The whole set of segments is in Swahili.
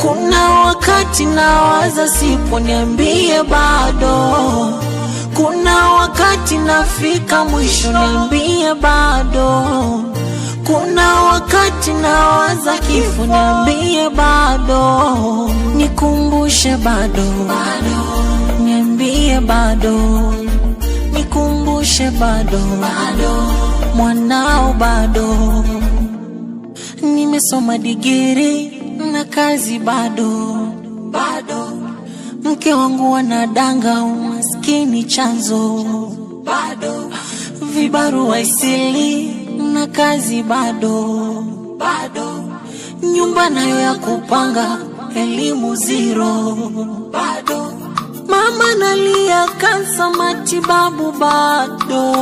Kuna wakati nawaza sipo niambie bado, kuna wakati nafika mwisho niambie bado, kuna wakati nawaza kifo niambie bado, nikumbushe bado, niambie bado, nikumbushe bado, mwanao bado, nimesoma digiri na kazi bado bado, mke wangu anadanga, umaskini chanzo bado, vibaru waisili na kazi bado bado, nyumba nayo ya kupanga, elimu zero bado, mama nalia kansa, matibabu bado,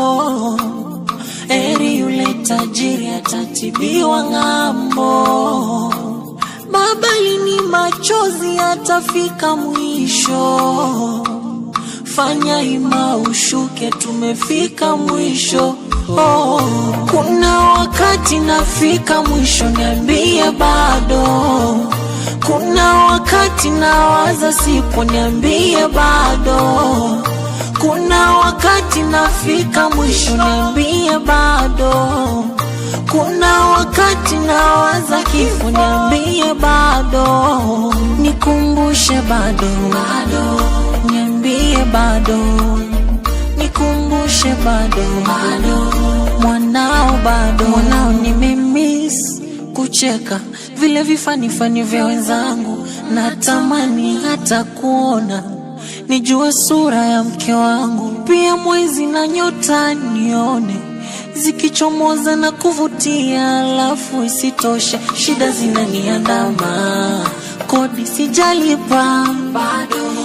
eri yule tajiri atatibiwa ng'ambo tutafika mwisho, fanya ima ushuke, tumefika mwisho. Oh, kuna wakati nafika mwisho, niambie bado. Kuna wakati nawaza sipo, niambie bado. Kuna wakati nafika mwisho, niambie bado. Kuna wakati nawaza kifo, niambie nikumbushe bado, bado, niambie bado, nikumbushe bado, bado, mwanao bado, mwanao nimemiss kucheka vile vifanifani vya wenzangu, natamani hata kuona nijue sura ya mke wangu, pia mwezi na nyota nione zikichomoza na kuvutia, alafu isitoshe shida zinaniandama sijalipa bado